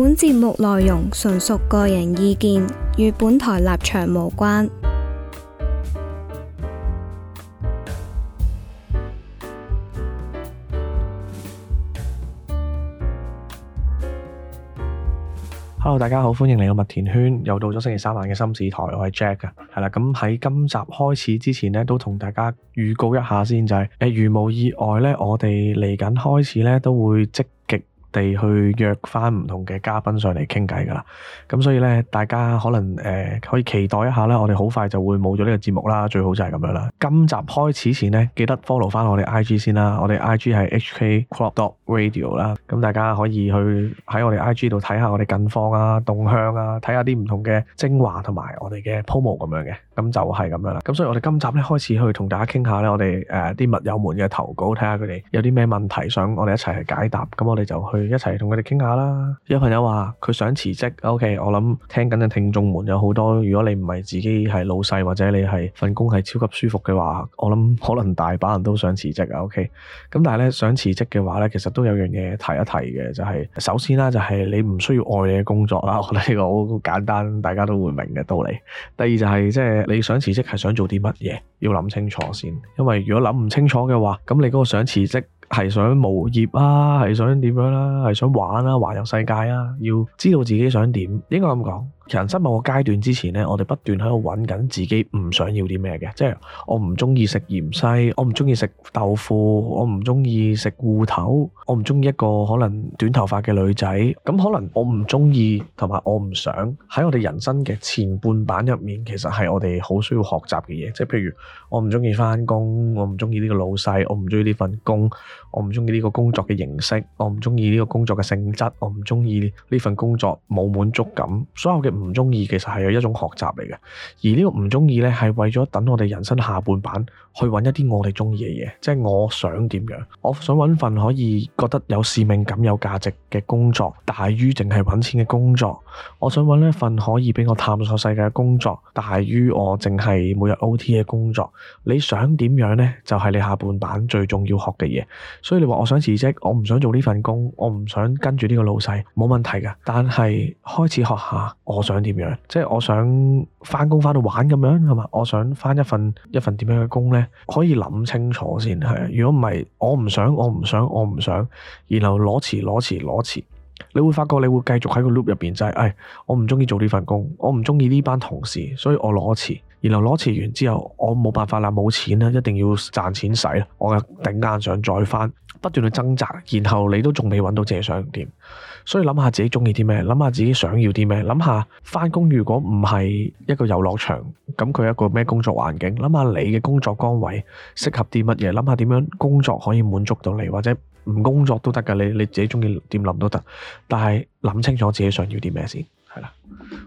本節目內容純屬個人意見，與本台立場無關。Hello，大家好，歡迎嚟到麥田圈，又到咗星期三晚嘅心事台，我係 Jack 噶，係啦。咁喺今集開始之前呢，都同大家預告一下先、就係，就、呃、係如無意外呢，我哋嚟緊開始呢，都會即。地去約翻唔同嘅嘉賓上嚟傾偈㗎啦，咁所以呢，大家可能誒、呃、可以期待一下啦，我哋好快就會冇咗呢個節目啦，最好就係咁樣啦。今集開始前呢，記得 follow 翻我哋 IG 先啦，我哋 IG 係 HK Crop Dot Radio 啦，咁大家可以去喺我哋 IG 度睇下我哋近況啊、動向啊，睇下啲唔同嘅精華同埋我哋嘅 promo 咁樣嘅，咁就係咁樣啦。咁所以我哋今集呢，開始去同大家傾下呢。我哋誒啲密友們嘅投稿，睇下佢哋有啲咩問題想我哋一齊去解答，咁我哋就去，一齊同佢哋傾下啦。有朋友話佢想辭職。OK，我諗聽緊嘅聽眾們有好多。如果你唔係自己係老細，或者你係份工係超級舒服嘅話，我諗可能大把人都想辭職啊。OK，咁但係咧想辭職嘅話咧，其實都有樣嘢提一提嘅，就係首先啦，就係你唔需要愛你嘅工作啦。我覺得呢個好簡單，大家都會明嘅道理。第二就係即係你想辭職係想做啲乜嘢，要諗清楚先。因為如果諗唔清楚嘅話，咁你嗰個想辭職。係想冇業啊，係想點樣啦，啊，係想玩啊，環遊世界啊，要知道自己想點，應該咁講。人生某個階段之前呢，我哋不斷喺度揾緊自己唔想要啲咩嘅，即係我唔中意食芫荽，我唔中意食豆腐，我唔中意食芋頭，我唔中意一個可能短頭髮嘅女仔，咁可能我唔中意同埋我唔想喺我哋人生嘅前半版入面，其實係我哋好需要學習嘅嘢。即係譬如我唔中意返工，我唔中意呢個老細，我唔中意呢份工，我唔中意呢個工作嘅形式，我唔中意呢個工作嘅性質，我唔中意呢份工作冇滿足感，所有嘅。唔中意其實係有一種學習嚟嘅，而呢個唔中意呢，係為咗等我哋人生下半版去揾一啲我哋中意嘅嘢，即係我想點樣，我想揾份可以覺得有使命感、有價值嘅工作，大於淨係揾錢嘅工作。我想揾一份可以俾我探索世界嘅工作，大於我淨係每日 OT 嘅工作。你想點樣呢？就係你下半版最重要學嘅嘢。所以你話我想辭職，我唔想做呢份工，我唔想跟住呢個老細，冇問題㗎。但係開始學下我。想點樣？即係我想翻工翻到玩咁樣啊嘛！我想返一份一份點樣嘅工呢？可以諗清楚先係。如果唔係，我唔想，我唔想，我唔想，然後攞辭攞辭攞辭，你會發覺你會繼續喺個 loop 入邊，就係誒，我唔中意做呢份工，我唔中意呢班同事，所以我攞辭。然後攞辭完之後，我冇辦法啦，冇錢啦，一定要賺錢使啦。我頂硬上再返，不斷去掙扎。然後你都仲未揾到自己想點，所以諗下自己中意啲咩，諗下自己想要啲咩，諗下返工如果唔係一個遊樂場，咁佢一個咩工作環境，諗下你嘅工作崗位適合啲乜嘢，諗下點樣工作可以滿足到你，或者唔工作都得噶。你你自己中意點諗都得，但係諗清楚自己想要啲咩先，係啦。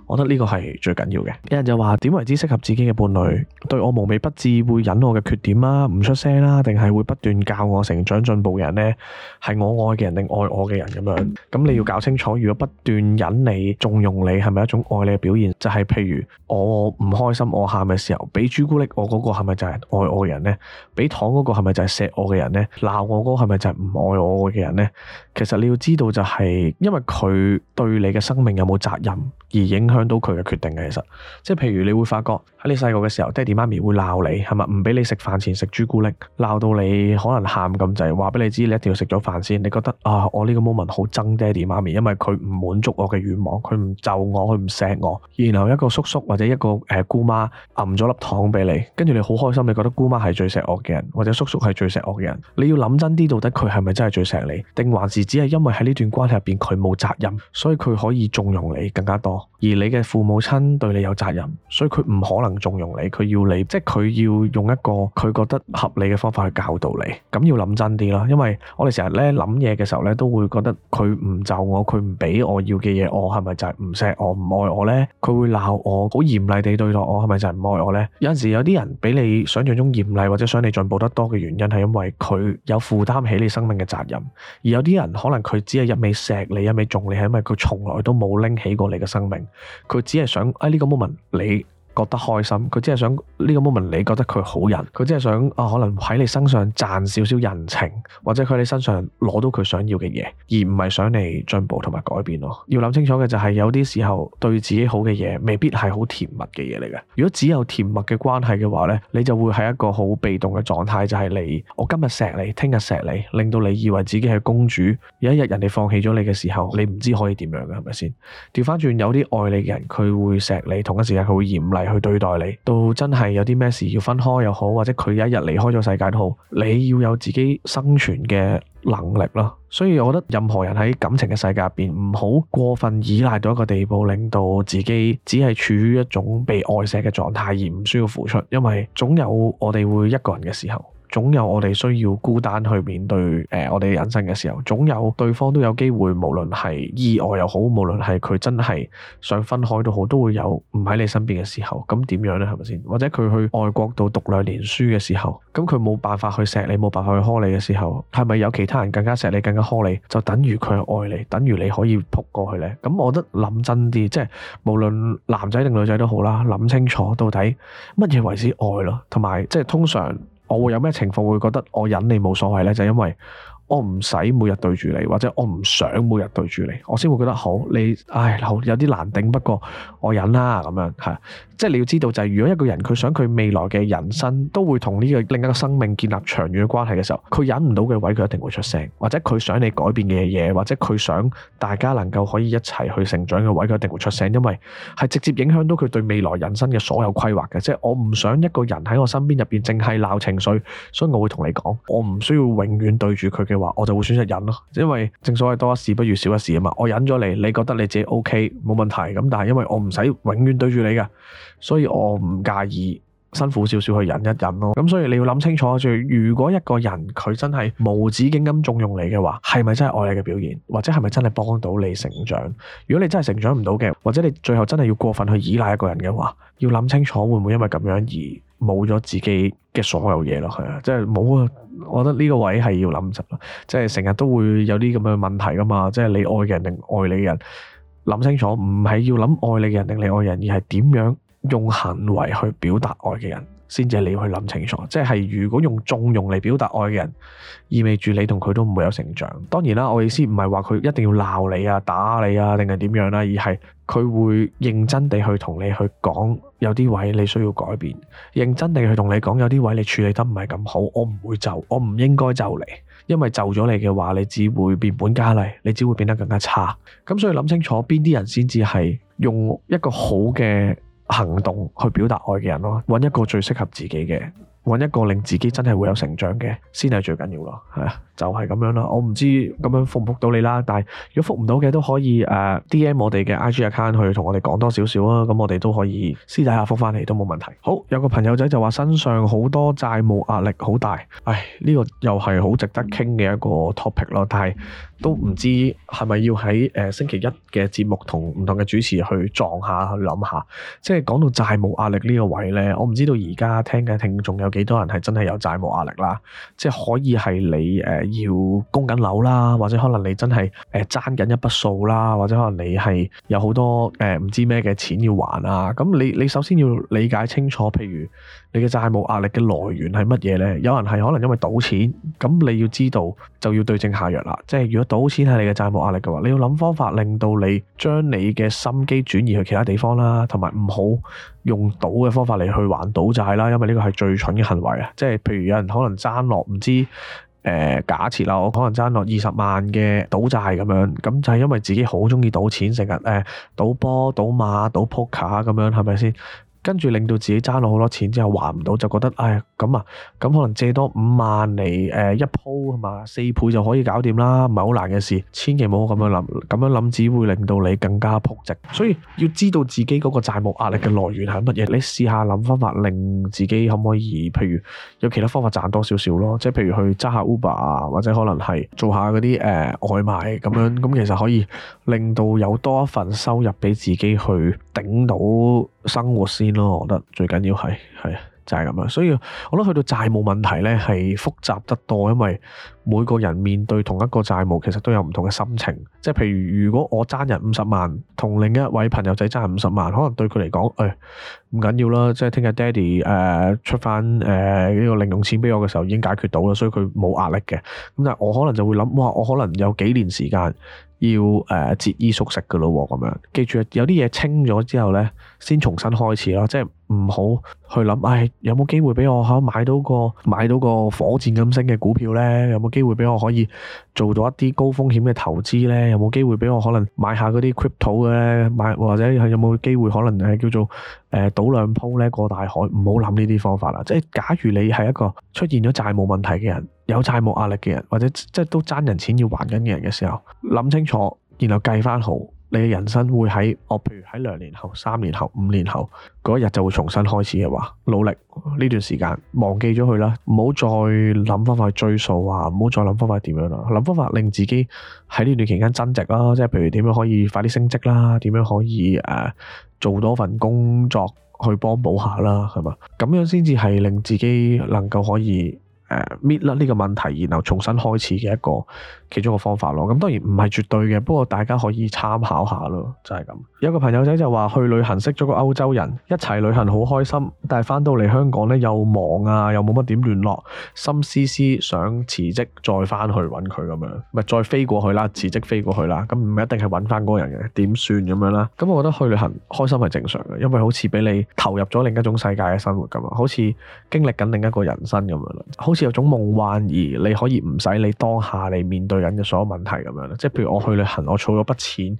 我覺得呢個係最緊要嘅。有人就話，點為之適合自己嘅伴侶？對我無微不至，會忍我嘅缺點啦，唔出聲啦、啊，定係會不斷教我成長進步嘅人呢？係我愛嘅人定愛我嘅人咁樣？咁你要搞清楚，如果不斷忍你、縱容你，係咪一種愛你嘅表現？就係、是、譬如我唔開心、我喊嘅時候，俾朱古力我嗰個係咪就係愛我嘅人呢？俾糖嗰個係咪就係錫我嘅人呢？鬧我嗰個係咪就係唔愛我嘅人呢？其實你要知道、就是，就係因為佢對你嘅生命有冇責任？而影響到佢嘅決定嘅，其實即係譬如你會發覺喺你細個嘅時候，爹哋媽咪會鬧你係咪唔俾你食飯前食朱古力，鬧到你可能喊咁滯，話俾你知你一定要食咗飯先。你覺得啊，我呢個 moment 好憎爹哋媽咪，因為佢唔滿足我嘅願望，佢唔就我，佢唔錫我。然後一個叔叔或者一個誒、呃、姑媽揼咗粒糖俾你，跟住你好開心，你覺得姑媽係最錫我嘅人，或者叔叔係最錫我嘅人。你要諗真啲，到底佢係咪真係最錫你，定還是只係因為喺呢段關係入邊佢冇責任，所以佢可以縱容你更加多？而你嘅父母親對你有責任，所以佢唔可能縱容你，佢要你即係佢要用一個佢覺得合理嘅方法去教導你。咁要諗真啲啦，因為我哋成日咧諗嘢嘅時候咧，都會覺得佢唔就我，佢唔俾我要嘅嘢，我係咪就係唔錫我唔愛我呢？佢會鬧我，好嚴厲地對待我，係咪就係唔愛我呢？有陣時有啲人比你想象中嚴厲或者想你進步得多嘅原因，係因為佢有負擔起你生命嘅責任，而有啲人可能佢只係一味錫你，一味縱你，係因為佢從來都冇拎起過你嘅生命。明，佢只係想，哎呢、這個 moment 你覺得開心，佢只係想呢、這個 moment 你覺得佢好人，佢只係想啊、哦、可能喺你身上賺少少人情，或者佢喺你身上攞到佢想要嘅嘢，而唔係想你進步同埋改變咯。要諗清楚嘅就係、是、有啲時候對自己好嘅嘢，未必係好甜蜜嘅嘢嚟嘅。如果只有甜蜜嘅關係嘅話呢，你就會係一個好被動嘅狀態，就係、是、你我今日錫你，聽日錫你，令到你以為自己係公主，有一日人哋放棄咗你嘅時候，你唔知可以點樣嘅係咪先？調翻轉有啲愛你嘅人，佢會錫你，同一時間佢會嚴厲。去對待你，到真係有啲咩事要分開又好，或者佢一日離開咗世界都好，你要有自己生存嘅能力咯。所以我覺得任何人喺感情嘅世界入邊，唔好過分依賴到一個地步，令到自己只係處於一種被愛錫嘅狀態，而唔需要付出，因為總有我哋會一個人嘅時候。總有我哋需要孤單去面對，誒、呃，我哋人生嘅時候，總有對方都有機會，無論係意外又好，無論係佢真係想分開都好，都會有唔喺你身邊嘅時候。咁點樣呢？係咪先？或者佢去外國度讀兩年書嘅時候，咁佢冇辦法去錫你，冇辦法去呵你嘅時候，係咪有其他人更加錫你，更加呵你？就等於佢愛你，等於你可以扑過去呢？咁我覺得諗真啲，即係無論男仔定女仔都好啦，諗清楚到底乜嘢為之愛咯，同埋即係通常。我會有咩情況會覺得我忍你冇所謂咧？就係，因為。我唔使每日對住你，或者我唔想每日對住你，我先會覺得好你，唉，好有啲難頂，不過我忍啦咁樣，係，即係你要知道就係，如果一個人佢想佢未來嘅人生都會同呢個另一個生命建立長遠嘅關係嘅時候，佢忍唔到嘅位佢一定會出聲，或者佢想你改變嘅嘢，或者佢想大家能夠可以一齊去成長嘅位佢一定會出聲，因為係直接影響到佢對未來人生嘅所有規劃嘅，即係我唔想一個人喺我身邊入邊淨係鬧情緒，所以我會同你講，我唔需要永遠對住佢嘅。話我就會選擇忍咯，因為正所謂多一事不如少一事啊嘛。我忍咗你，你覺得你自己 OK 冇問題咁，但係因為我唔使永遠對住你噶所以我唔介意辛苦少少去忍一忍咯。咁所以你要諗清楚啊，如果一個人佢真係無止境咁縱容你嘅話，係咪真係愛你嘅表現，或者係咪真係幫到你成長？如果你真係成長唔到嘅，或者你最後真係要過分去依賴一個人嘅話，要諗清楚會唔會因為咁樣而。冇咗自己嘅所有嘢咯，係啊，即係冇啊！我覺得呢個位係要諗實，即係成日都會有啲咁嘅問題噶嘛，即係你愛嘅人定愛你嘅人，諗清楚，唔係要諗愛你嘅人定你愛人，而係點樣用行為去表達愛嘅人。先至係你要去諗清楚，即係如果用縱容嚟表達愛嘅人，意味住你同佢都唔會有成長。當然啦，我意思唔係話佢一定要鬧你啊、打你啊，定係點樣啦、啊，而係佢會認真地去同你去講，有啲位你需要改變，認真地去同你講，有啲位你處理得唔係咁好，我唔會就，我唔應該就你，因為就咗你嘅話，你只會變本加厲，你只會變得更加差。咁所以諗清楚邊啲人先至係用一個好嘅。行動去表達愛嘅人咯，搵一個最適合自己嘅。揾一個令自己真係會有成長嘅，先係最緊要咯，係啊，就係、是、咁樣啦。我唔知咁樣覆唔覆到你啦，但係如果覆唔到嘅都可以誒、呃、D M 我哋嘅 I G account 去同我哋講多少少啊，咁我哋都可以私底下覆翻嚟，都冇問題。好，有個朋友仔就話身上好多債務壓力好大，唉，呢、這個又係好值得傾嘅一個 topic 咯，但係都唔知係咪要喺誒、呃、星期一嘅節目同唔同嘅主持去撞下去諗下，即係講到債務壓力呢個位呢，我唔知道而家聽緊聽眾有幾多人係真係有債務壓力啦？即係可以係你誒要供緊樓啦，或者可能你真係誒爭緊一筆數啦，或者可能你係有好多誒唔知咩嘅錢要還啊？咁你你首先要理解清楚，譬如你嘅債務壓力嘅來源係乜嘢呢？有人係可能因為賭錢，咁你要知道就要對症下藥啦。即係如果賭錢係你嘅債務壓力嘅話，你要諗方法令到你將你嘅心機轉移去其他地方啦，同埋唔好。用賭嘅方法嚟去還賭債啦，因為呢個係最蠢嘅行為啊！即係譬如有人可能爭落唔知誒、呃、假設啦，我可能爭落二十萬嘅賭債咁樣，咁就係因為自己好鍾意賭錢，成日誒賭波、賭馬、賭撲克咁樣，係咪先？跟住令到自己爭到好多錢之後還唔到，就覺得哎呀，咁啊咁可能借多五萬嚟誒、呃、一鋪係嘛四倍就可以搞掂啦，唔係好難嘅事。千祈唔好咁樣諗，咁樣諗只會令到你更加仆直。所以要知道自己嗰個債務壓力嘅來源係乜嘢。你試下諗返方法令自己可唔可以，譬如有其他方法賺多少少咯，即係譬如去揸下 Uber 啊，或者可能係做下嗰啲誒外賣咁樣，咁其實可以令到有多一份收入俾自己去。頂到生活先咯，我覺得最緊要係係就係、係、咁樣，所以我覺得去到債務問題呢，係複雜得多，因為每個人面對同一個債務其實都有唔同嘅心情。即係譬如如果我爭人五十萬，同另一位朋友仔爭人五十萬，可能對佢嚟講誒唔緊要啦，即係聽日爹哋誒出翻誒呢個零用錢俾我嘅時候已經解決到啦，所以佢冇壓力嘅。咁但係我可能就會諗，哇，我可能有幾年時間。要誒節衣縮食嘅咯喎，咁樣記住，有啲嘢清咗之後呢，先重新開始咯，即係唔好去諗，唉，有冇機會俾我可買到個買到個火箭咁升嘅股票呢？有冇機會俾我可以做到一啲高風險嘅投資呢？有冇機會俾我可能買下嗰啲 crypto 咧？買或者有冇機會可能係叫做誒賭、呃、兩鋪呢過大海？唔好諗呢啲方法啦。即係假如你係一個出現咗債務問題嘅人。有債務壓力嘅人，或者即係都爭人錢要還緊嘅人嘅時候，諗清楚，然後計翻好你嘅人生會喺我，譬如喺兩年後、三年後、五年後嗰一日就會重新開始嘅話，努力呢段時間，忘記咗佢啦，唔好再諗方法追溯啊，唔好再諗方法點樣啦，諗方法令自己喺呢段期間增值啦，即係譬如點樣可以快啲升職啦，點樣可以誒、呃、做多份工作去幫補下啦，係嘛，咁樣先至係令自己能夠可以。誒，搣甩呢個問題，然後重新開始嘅一個。其中個方法咯，咁當然唔係絕對嘅，不過大家可以參考下咯，就係咁。有個朋友仔就話去旅行識咗個歐洲人，一齊旅行好開心，但係翻到嚟香港呢，又忙啊，又冇乜點聯絡，心思思想辭職再翻去揾佢咁樣，咪再飛過去啦，辭職飛過去啦，咁唔一定係揾翻嗰個人嘅，點算咁樣啦？咁我覺得去旅行開心係正常嘅，因為好似俾你投入咗另一種世界嘅生活咁啊，好似經歷緊另一個人生咁樣，好似有種夢幻而你可以唔使你當下你面對。人嘅所有問題咁樣咧，即係譬如我去旅行，我儲咗筆錢，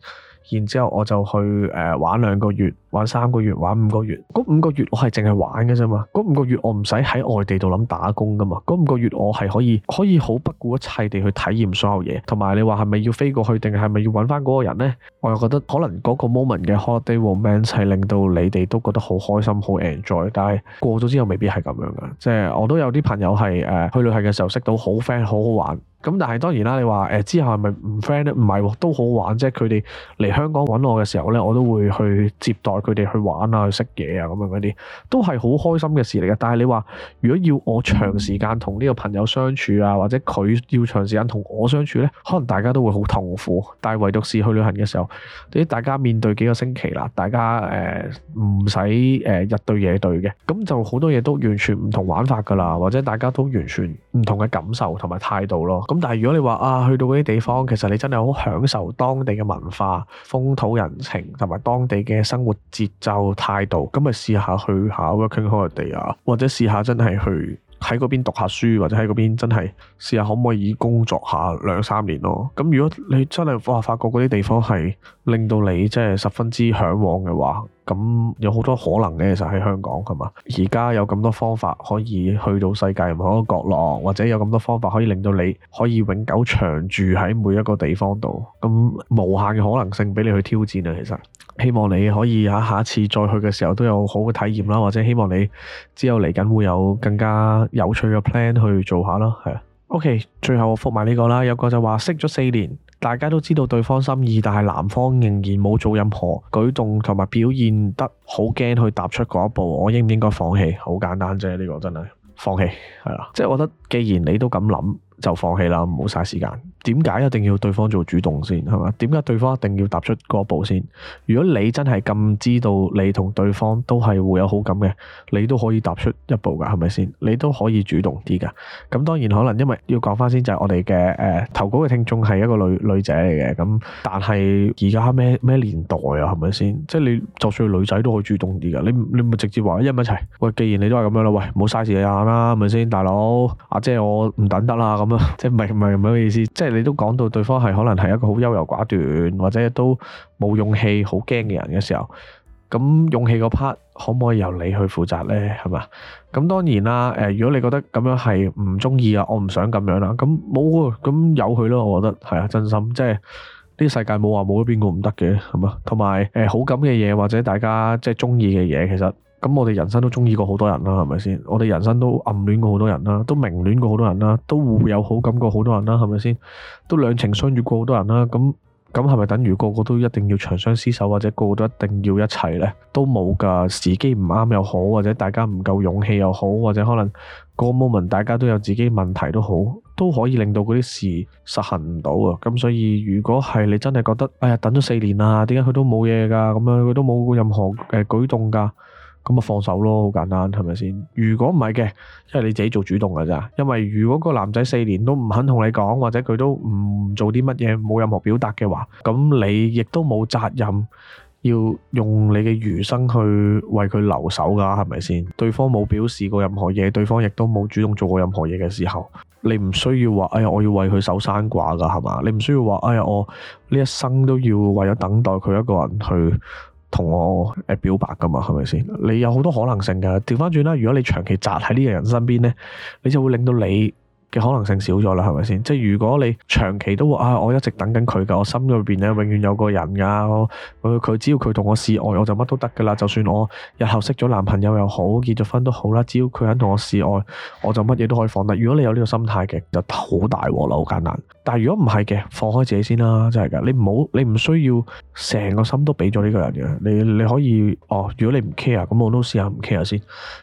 然之後我就去誒、呃、玩兩個月，玩三個月，玩五個月。嗰五個月我係淨係玩嘅啫嘛，嗰五個月我唔使喺外地度諗打工噶嘛，嗰五個月我係可以可以好不顧一切地去體驗所有嘢。同埋你話係咪要飛過去，定係咪要搵翻嗰個人呢？我又覺得可能嗰個 moment 嘅 holiday romance 係令到你哋都覺得好開心、好 enjoy，但係過咗之後未必係咁樣嘅。即係我都有啲朋友係誒、呃、去旅行嘅時候識到好 friend，好好玩。咁但係當然啦，你話誒之後係咪唔 friend 咧？唔係喎，都好玩。即係佢哋嚟香港揾我嘅時候咧，我都會去接待佢哋去玩啊、去食嘢啊咁樣嗰啲，都係好開心嘅事嚟嘅。但係你話如果要我長時間同呢個朋友相處啊，或者佢要長時間同我相處呢，可能大家都會好痛苦。但係唯獨是去旅行嘅時候，大家面對幾個星期啦，大家誒唔使誒日對夜對嘅，咁就好多嘢都完全唔同玩法噶啦，或者大家都完全唔同嘅感受同埋態度咯。咁但係如果你話啊，去到嗰啲地方，其實你真係好享受當地嘅文化、風土人情同埋當地嘅生活節奏態度，咁咪試下去下 working holiday 啊，或者試下真係去喺嗰邊讀下書，或者喺嗰邊真係試下可唔可以工作下兩三年咯。咁如果你真係哇發覺嗰啲地方係～令到你即係十分之向往嘅話，咁有好多可能嘅。其實喺香港係嘛，而家有咁多方法可以去到世界唔同嘅角落，或者有咁多方法可以令到你可以永久長住喺每一個地方度。咁無限嘅可能性俾你去挑戰啊！其實希望你可以吓下一次再去嘅時候都有好嘅體驗啦，或者希望你之後嚟緊會有更加有趣嘅 plan 去做下啦。係啊，OK，最後複埋呢個啦。有個就話識咗四年。大家都知道對方心意，但係男方仍然冇做任何舉動同埋表現得好驚去踏出嗰一步，我應唔應該放棄？好簡單啫，呢個真係放棄係啦。即係我覺得，既然你都咁諗，就放棄啦，唔好嘥時間。點解一定要對方做主動先係咪？點解對方一定要踏出嗰一步先？如果你真係咁知道你同對方都係會有好感嘅，你都可以踏出一步噶，係咪先？你都可以主動啲噶。咁當然可能因為要講翻先，就係、是、我哋嘅誒投稿嘅聽眾係一個女女仔嚟嘅，咁但係而家咩咩年代啊，係咪先？即係你就算女仔都可以主動啲噶，你你咪直接話一唔一齊？喂，既然你都係咁樣啦，喂，冇嘥時間啦，係咪先？大佬，阿姐我唔等得啦咁。即係唔係唔係咁嘅意思，即係你都講到對方係可能係一個好優柔寡斷或者都冇勇氣、好驚嘅人嘅時候，咁勇氣個 part 可唔可以由你去負責呢？係嘛，咁當然啦。誒，如果你覺得咁樣係唔中意啊，我唔想咁樣啦，咁冇啊，咁由佢咯。我覺得係啊，真心即係呢個世界冇話冇咗邊個唔得嘅，係嘛。同埋誒，好感嘅嘢，或者大家即係中意嘅嘢，其實。咁我哋人生都中意過好多人啦，係咪先？我哋人生都暗戀過好多人啦，都明戀過好多人啦，都互有好感過好多人啦，係咪先？都兩情相悦過好多人啦。咁咁係咪等於個個都一定要長相厮守，或者個個都一定要一齊呢？都冇噶，時機唔啱又好，或者大家唔夠勇氣又好，或者可能個 moment 大家都有自己問題都好，都可以令到嗰啲事實行唔到啊。咁所以如果係你真係覺得，哎呀，等咗四年啦，點解佢都冇嘢噶？咁樣佢都冇任何誒舉動噶？咁咪放手咯，好簡單，係咪先？如果唔係嘅，因為你自己做主動嘅咋。因為如果個男仔四年都唔肯同你講，或者佢都唔做啲乜嘢，冇任何表達嘅話，咁你亦都冇責任要用你嘅餘生去為佢留守噶，係咪先？對方冇表示過任何嘢，對方亦都冇主動做過任何嘢嘅時候，你唔需要話，哎呀，我要為佢守山寡噶，係嘛？你唔需要話，哎呀，我呢一生都要為咗等待佢一個人去。同我表白噶嘛，係咪先？你有好多可能性噶。調翻轉啦，如果你長期紮喺呢個人身邊咧，你就會令到你。嘅可能性少咗啦，係咪先？即係如果你長期都話啊，我一直等緊佢噶，我心入邊咧永遠有個人噶，佢只要佢同我示愛，我就乜都得噶啦。就算我日後識咗男朋友又好，結咗婚都好啦，只要佢肯同我示愛，我就乜嘢都可以放得。如果你有呢個心態嘅，就好大鑊啦，好簡單。但係如果唔係嘅，放開自己先啦，真係噶，你唔好你唔需要成個心都俾咗呢個人嘅。你你可以哦，如果你唔 care 咁，我都試下唔 care 先。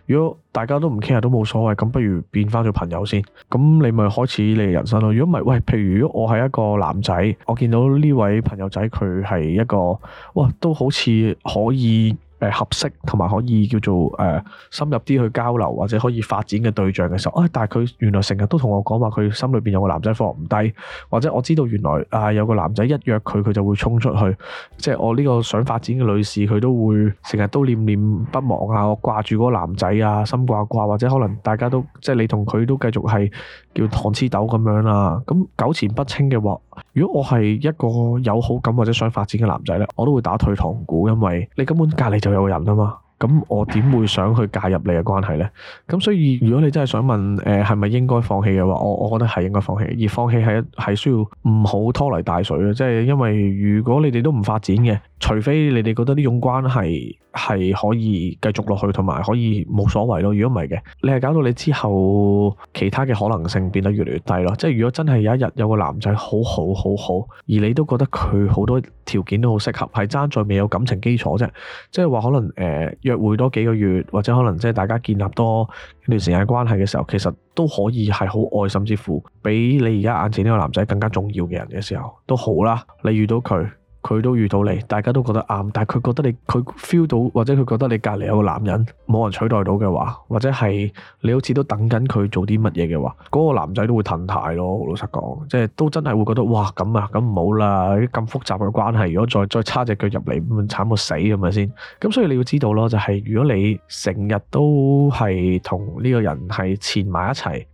如果大家都唔 care，都冇所謂，咁不如變翻做朋友先。咁你咪開始你人生咯。如果唔係，喂，譬如我係一個男仔，我見到呢位朋友仔，佢係一個，哇，都好似可以。合適同埋可以叫做誒、呃、深入啲去交流或者可以發展嘅對象嘅時候，啊、哎！但係佢原來成日都同我講話，佢心裏邊有個男仔放唔低，或者我知道原來啊、呃、有個男仔一約佢，佢就會衝出去，即係我呢個想發展嘅女士，佢都會成日都念念不忘啊，我掛住嗰個男仔啊，心掛掛，或者可能大家都即係你同佢都繼續係叫糖黐豆咁樣啦，啊，咁糾纏不清嘅話。如果我係一個有好感或者想發展嘅男仔咧，我都會打退堂鼓，因為你根本隔離就有人啊嘛。咁我點會想去介入你嘅關係呢？咁所以如果你真係想問，誒係咪應該放棄嘅話，我我覺得係應該放棄。而放棄係係需要唔好拖泥帶水嘅，即係因為如果你哋都唔發展嘅，除非你哋覺得呢種關係係可以繼續落去，同埋可以冇所謂咯。如果唔係嘅，你係搞到你之後其他嘅可能性變得越嚟越低咯。即係如果真係有一日有個男仔好好好好，而你都覺得佢好多。條件都好適合，係爭在未有感情基礎啫。即係話可能誒、呃、約會多幾個月，或者可能即係大家建立多一段時間關係嘅時候，其實都可以係好愛，甚至乎比你而家眼前呢個男仔更加重要嘅人嘅時候都好啦。你遇到佢。佢都遇到你，大家都覺得啱，但係佢覺得你佢 feel 到，或者佢覺得你隔離有個男人冇人取代到嘅話，或者係你好似都等緊佢做啲乜嘢嘅話，嗰、那個男仔都會褪台咯。老實講，即係都真係會覺得哇咁啊，咁唔好啦，咁複雜嘅關係，如果再再差隻腳入嚟，咁慘到死咁咪先。咁所以你要知道咯，就係、是、如果你成日都係同呢個人係纏埋一齊，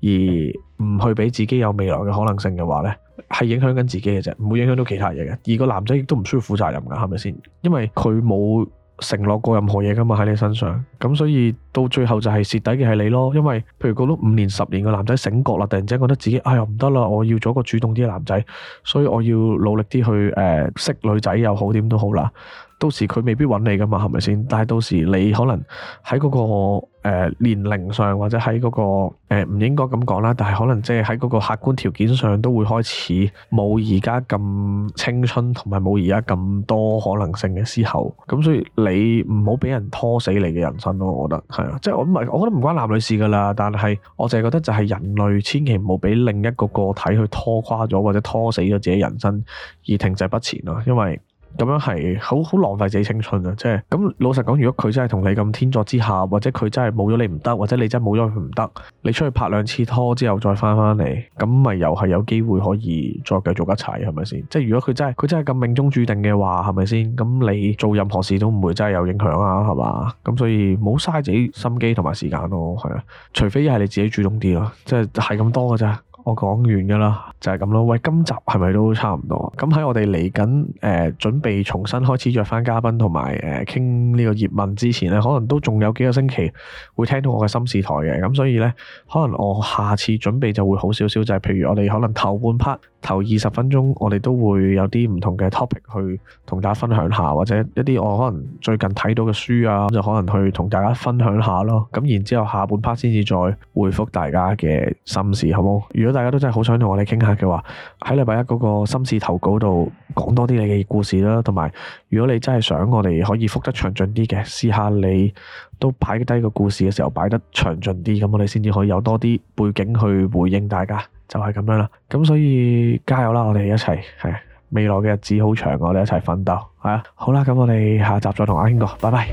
而唔去俾自己有未來嘅可能性嘅話呢。係影響緊自己嘅啫，唔會影響到其他嘢嘅。而個男仔亦都唔需要負責任噶，係咪先？因為佢冇承諾過任何嘢噶嘛，喺你身上。咁所以到最後就係蝕底嘅係你咯。因為譬如過咗五年、十年個男仔醒覺啦，突然之間覺得自己哎呀唔得啦，我要做一個主動啲嘅男仔，所以我要努力啲去誒、呃、識女仔又好，點都好啦。到時佢未必揾你噶嘛，係咪先？但係到時你可能喺嗰個誒年齡上，或者喺嗰個誒唔應該咁講啦，但係可能即係喺嗰個客觀條件上都會開始冇而家咁青春，同埋冇而家咁多可能性嘅時候。咁所以你唔好俾人拖死你嘅人生咯，我覺得係啊，即係我唔係，我覺得唔關男女事噶啦。但係我淨係覺得就係人類千祈唔好俾另一個個體去拖垮咗，或者拖死咗自己人生而停滯不前咯，因為。咁樣係好好浪費自己青春啊！即係咁老實講，如果佢真係同你咁天作之合，或者佢真係冇咗你唔得，或者你真係冇咗佢唔得，你出去拍兩次拖之後再翻返嚟，咁咪又係有機會可以再繼續一齊，係咪先？即係如果佢真係佢真係咁命中注定嘅話，係咪先？咁你做任何事都唔會真係有影響啊，係嘛？咁所以冇嘥自己心機同埋時間咯，係啊！除非係你自己主動啲咯，即係係咁多嘅咋。我講完㗎啦，就係咁咯。喂，今集係咪都差唔多？咁喺我哋嚟緊誒準備重新開始約翻嘉賓同埋誒傾呢個業問之前呢，可能都仲有幾個星期會聽到我嘅心事台嘅。咁所以呢，可能我下次準備就會好少少，就係、是、譬如我哋可能頭半 part 頭二十分鐘，我哋都會有啲唔同嘅 topic 去同大家分享下，或者一啲我可能最近睇到嘅書啊，就可能去同大家分享下咯。咁然之後下半 part 先至再回覆大家嘅心事，好冇？大家都真係好想同我哋傾下嘅話，喺禮拜一嗰個心事投稿度講多啲你嘅故事啦，同埋如果你真係想我哋可以覆得詳盡啲嘅，試下你都擺低個故事嘅時候擺得詳盡啲，咁我哋先至可以有多啲背景去回應大家，就係咁樣啦。咁所以加油啦，我哋一齊係未來嘅日子好長，我哋一齊奮鬥係啊。好啦，咁我哋下集再同阿軒哥，拜拜。